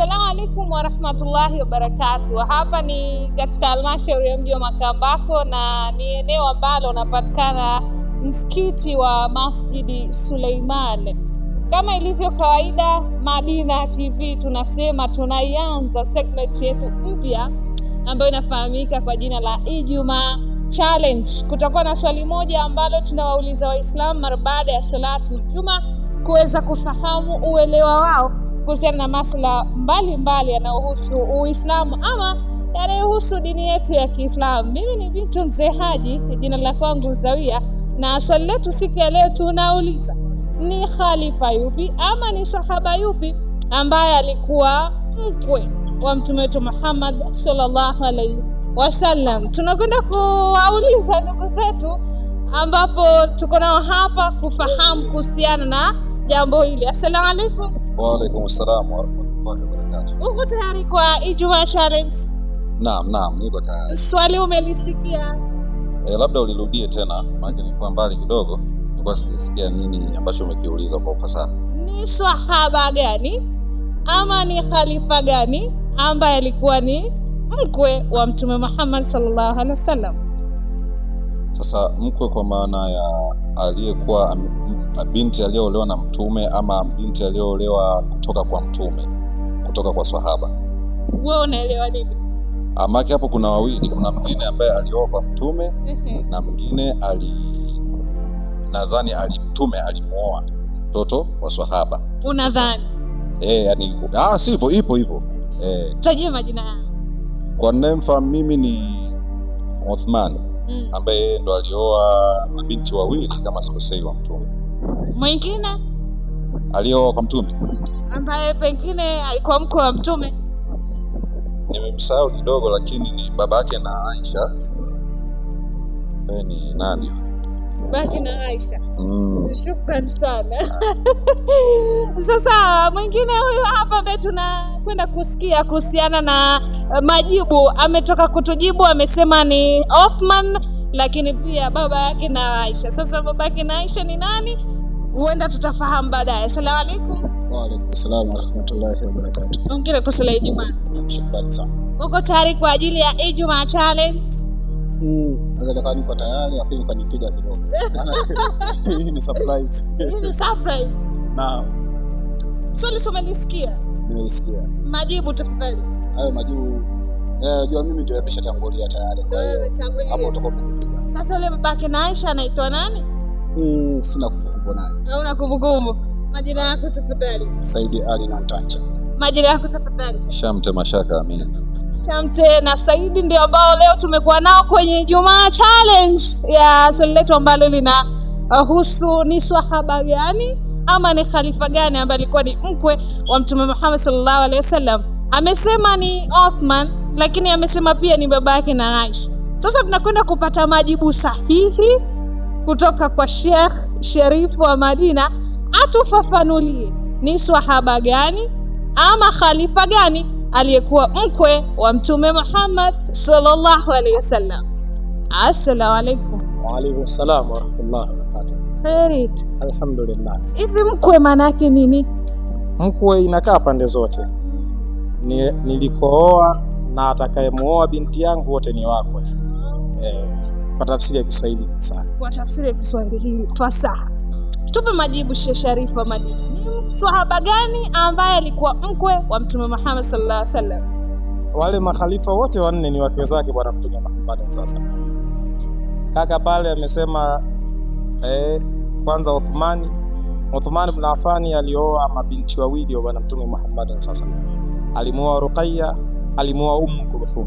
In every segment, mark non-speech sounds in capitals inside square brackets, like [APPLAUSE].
Assalamu alaikum warahmatullahi wabarakatuh. Hapa ni katika halmashauri ya mji wa Makambako na ni eneo ambalo unapatikana msikiti wa Masjidi Suleiman. Kama ilivyo kawaida, Madina TV tunasema tunaianza segment yetu mpya ambayo inafahamika kwa jina la Ijumaa Challenge. Kutakuwa na swali moja ambalo tunawauliza Waislamu mara baada ya salati Ijumaa kuweza kufahamu uelewa wao kuhusiana na masuala mbalimbali yanayohusu Uislamu ama yanayohusu dini yetu ya Kiislamu. Mimi ni Bintu Mzee Haji, jina la kwangu Zawia, na swali letu siku ya leo tunauliza ni khalifa yupi ama ni sahaba yupi ambaye alikuwa mkwe wa mtume wetu Muhammad sallallahu alaihi wasallam. Tunakwenda kuwauliza ndugu zetu ambapo tuko nao hapa kufahamu kuhusiana na jambo hili. Assalamu alaikum. Waalaikum salaam warahmatullahi wabarakatuh. Uko tayari kwa Ijumaa challenge? Naam, naam, niko tayari. Swali umelisikia? Eh, labda ulirudie tena, maana nilikuwa mbali kidogo, nilikuwa sijasikia nini ambacho umekiuliza kwa ufasaha. Ni swahaba gani ama ni khalifa gani ambaye alikuwa ni mkwe wa Mtume Muhammad sallallahu alaihi wasallam? Sasa mkwe kwa maana ya aliyekuwa binti aliyeolewa na mtume ama binti aliyeolewa kutoka kwa mtume, kutoka kwa swahaba. Wewe unaelewa nini? Amake ah, hapo kuna wawili, kuna mwingine ambaye alioa kwa mtume na mwingine ali nadhani ali mtume alimuoa mtoto wa swahaba. Unadhani? Eh, yani ah, sivyo, ipo hivyo. Eh, tajie majina. Kwa ninayemfahamu mimi ni othman mm. ambaye ndo alioa na binti wawili kama sikosei wa mtume. Mwingine alioa kwa mtume ambaye pengine alikuwa mko wa mtume, nimemsahau kidogo, lakini ni babake na Aisha. Ni nani? baki na Aisha. Mm. Shukran sana. Ah. [LAUGHS] Sasa mwingine huyu hapa ambaye tunakwenda kusikia kuhusiana na eh, majibu ametoka kutujibu, amesema ni Othman, lakini pia baba yake na Aisha. Sasa baba yake na Aisha ni nani? Huenda tutafahamu baadaye. Asalamu alaykum. Wa alaykum salaam wa rahmatullahi wa barakatuh. Ongera kwa sala ya Ijumaa. Shukrani sana. Uko tayari kwa ajili ya Ijumaa challenge? mguu naweza kaa niko tayari, lakini ukanipiga kidogo. [LAUGHS] Hii ni surprise. Hii ni surprise. Naam. Swali umelisikia? Nimelisikia. Majibu tafadhali. Hayo majibu eh, jua mimi ndio tangulia tayari, kwa hiyo hapo utakuwa umenipiga. Sasa yule mbaki na Aisha anaitwa nani? Mm, sina kumbukumbu naye. Hauna kumbukumbu? Majina yako tafadhali. Saidi Ali na Ntanja. Majina yako tafadhali. Shamte Mashaka amina. Chamte na Saidi ndio ambao leo tumekuwa nao kwenye Ijumaa challenge ya swali letu ambalo linahusu uh, ni swahaba gani ama ni khalifa gani ambaye alikuwa ni mkwe wa Mtume Muhammad sallallahu alaihi wasallam. Amesema ni Othman, lakini amesema pia ni baba yake na Aisha. Sasa tunakwenda kupata majibu sahihi kutoka kwa Sheikh Sherifu wa Madina, atufafanulie ni swahaba gani ama khalifa gani aliyekuwa mkwe wa Mtume Muhammad sallallahu alaihi wasallam. Assalamu alaykum. Wa alaykum salaam wa rahmatullahi wa barakatuh. Kheri. Alhamdulillah. Hivi mkwe maana yake nini? Mkwe inakaa pande zote, ni nilikooa na atakayemuoa binti yangu wote ni wakwe eh, kwa tafsiri ya Kiswahili fasaha. Kwa tafsiri ya Kiswahili fasaha. Tupe majibu Sheikh sharifa wa swahaba gani ambaye alikuwa mkwe wa Mtume Muhammad sallallahu alaihi wasallam? Wale makhalifa wote wanne ni wake zake bwana Mtume Muhammad. Sasa kaka pale amesema eh, kwanza Uthmani Uthman ibn Affan alioa mabinti wawili wa bwana Mtume Muhammad sasa, alimuoa Ruqayya, alimuoa Umm Kulthum,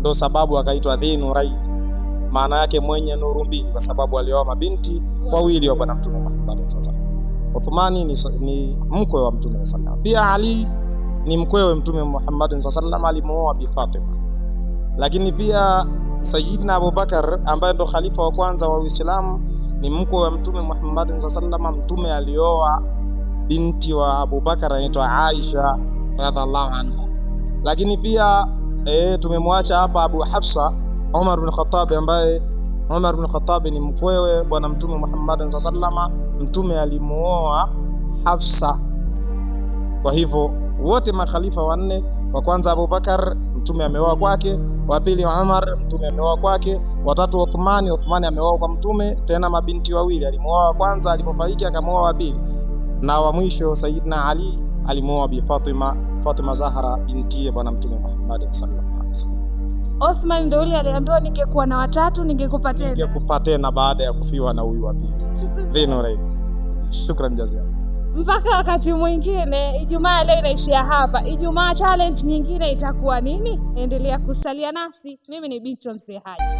ndio sababu akaitwa Dhinurai, maana yake mwenye nuru mbili, kwa sababu alioa mabinti wawili wa bwana Mtume Muhammad sasa Uthmani ni, ni mkwe wa Mtume sallallahu wasallam. Pia Ali ni mkwewe Mtume Muhammad sallallahu wasallam, alimuoa Bi Fatima. Lakini pia Sayyidina Abubakar ambaye ndo khalifa wa kwanza wa Uislamu ni mkwe wa Mtume Muhammad sallallahu wasallam. Mtume alioa binti wa Abubakar anaitwa Aisha radhiallahu anha. Lakini pia e, tumemwacha hapa Abu Hafsa Umar bin Khattab ambaye Umar bin Khattab ni mkwewe bwana Mtume Muhammad sallama. Mtume alimuoa Hafsa. Kwa hivyo wote makhalifa wanne wa kwanza Abubakar, Mtume ameoa kwake. Wa pili Umar, Mtume ameoa kwake. Watatu Uthmani, Uthmani ameoa kwa Mtume tena mabinti wawili, alimuoa wa kwanza alipofariki, akamuoa wa pili, na wa mwisho Sayyidina Ali alimuoa Bi Fatima, Fatima Zahra binti bwana Mtume Muhammad sallallahu alaihi wasallam. Osman ndio yule aliambiwa ningekuwa na watatu ningekupa tena. Ningekupa tena baada ya kufiwa na huyu wa pili. Shukrani. Shukrani jazia. Mpaka wakati mwingine. Ijumaa leo inaishia hapa. Ijumaa challenge nyingine itakuwa nini? Endelea kusalia nasi. Mimi ni Bintu Haji.